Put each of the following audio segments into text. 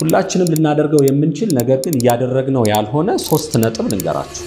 ሁላችንም ልናደርገው የምንችል ነገር ግን እያደረግነው ያልሆነ ሶስት ነጥብ ልንገራችሁ።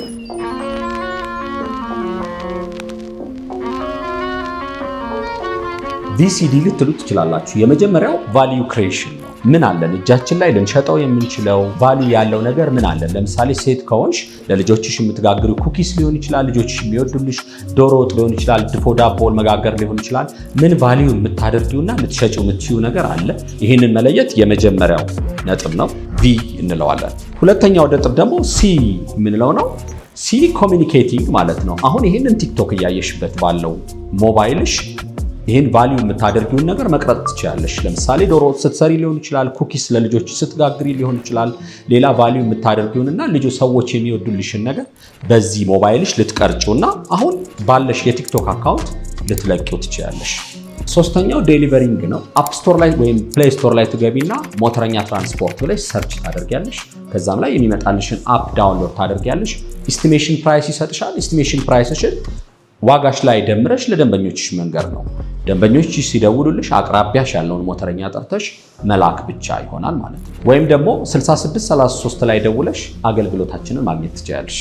ቪሲዲ ልትሉ ትችላላችሁ። የመጀመሪያው ቫሊዩ ክሬሽን ነው። ምን አለን እጃችን ላይ ልንሸጠው የምንችለው ቫሉ ያለው ነገር ምን አለን? ለምሳሌ ሴት ከሆንሽ ለልጆችሽ የምትጋግሪ ኩኪስ ሊሆን ይችላል። ልጆችሽ የሚወዱልሽ ዶሮ ወጥ ሊሆን ይችላል። ድፎ ዳቦ መጋገር ሊሆን ይችላል። ምን ቫሉ የምታደርጊውና የምትሸጪው የምትዩ ነገር አለ? ይህንን መለየት የመጀመሪያው ነጥብ ነው። ቪ እንለዋለን። ሁለተኛው ነጥብ ደግሞ ሲ የምንለው ነው። ሲ ኮሚኒኬቲንግ ማለት ነው። አሁን ይህንን ቲክቶክ እያየሽበት ባለው ሞባይልሽ ይህን ቫሊዩ የምታደርጊውን ነገር መቅረጥ ትችላለሽ። ለምሳሌ ዶሮ ስትሰሪ ሊሆን ይችላል፣ ኩኪስ ለልጆች ስትጋግሪ ሊሆን ይችላል። ሌላ ቫሊዩ የምታደርጊውንና ልጆ ሰዎች የሚወዱልሽን ነገር በዚህ ሞባይልሽ ልትቀርጩና አሁን ባለሽ የቲክቶክ አካውንት ልትለቂው ትችላለሽ። ሶስተኛው ዴሊቨሪንግ ነው። አፕ ስቶር ላይ ወይም ፕሌይ ስቶር ላይ ትገቢና ሞተረኛ ትራንስፖርት ብለሽ ሰርች ታደርጊያለሽ። ከዛም ላይ የሚመጣልሽን አፕ ዳውንሎድ ታደርጊያለሽ። ኢስቲሜሽን ፕራይስ ይሰጥሻል። ኢስቲሜሽን ፕራይስሽን ዋጋሽ ላይ ደምረሽ ለደንበኞችሽ መንገር ነው። ደንበኞች ሲደውሉልሽ አቅራቢያሽ ያለውን ሞተረኛ ጠርተሽ መላክ ብቻ ይሆናል ማለት ነው። ወይም ደግሞ 6633 ላይ ደውለሽ አገልግሎታችንን ማግኘት ትችላለሽ።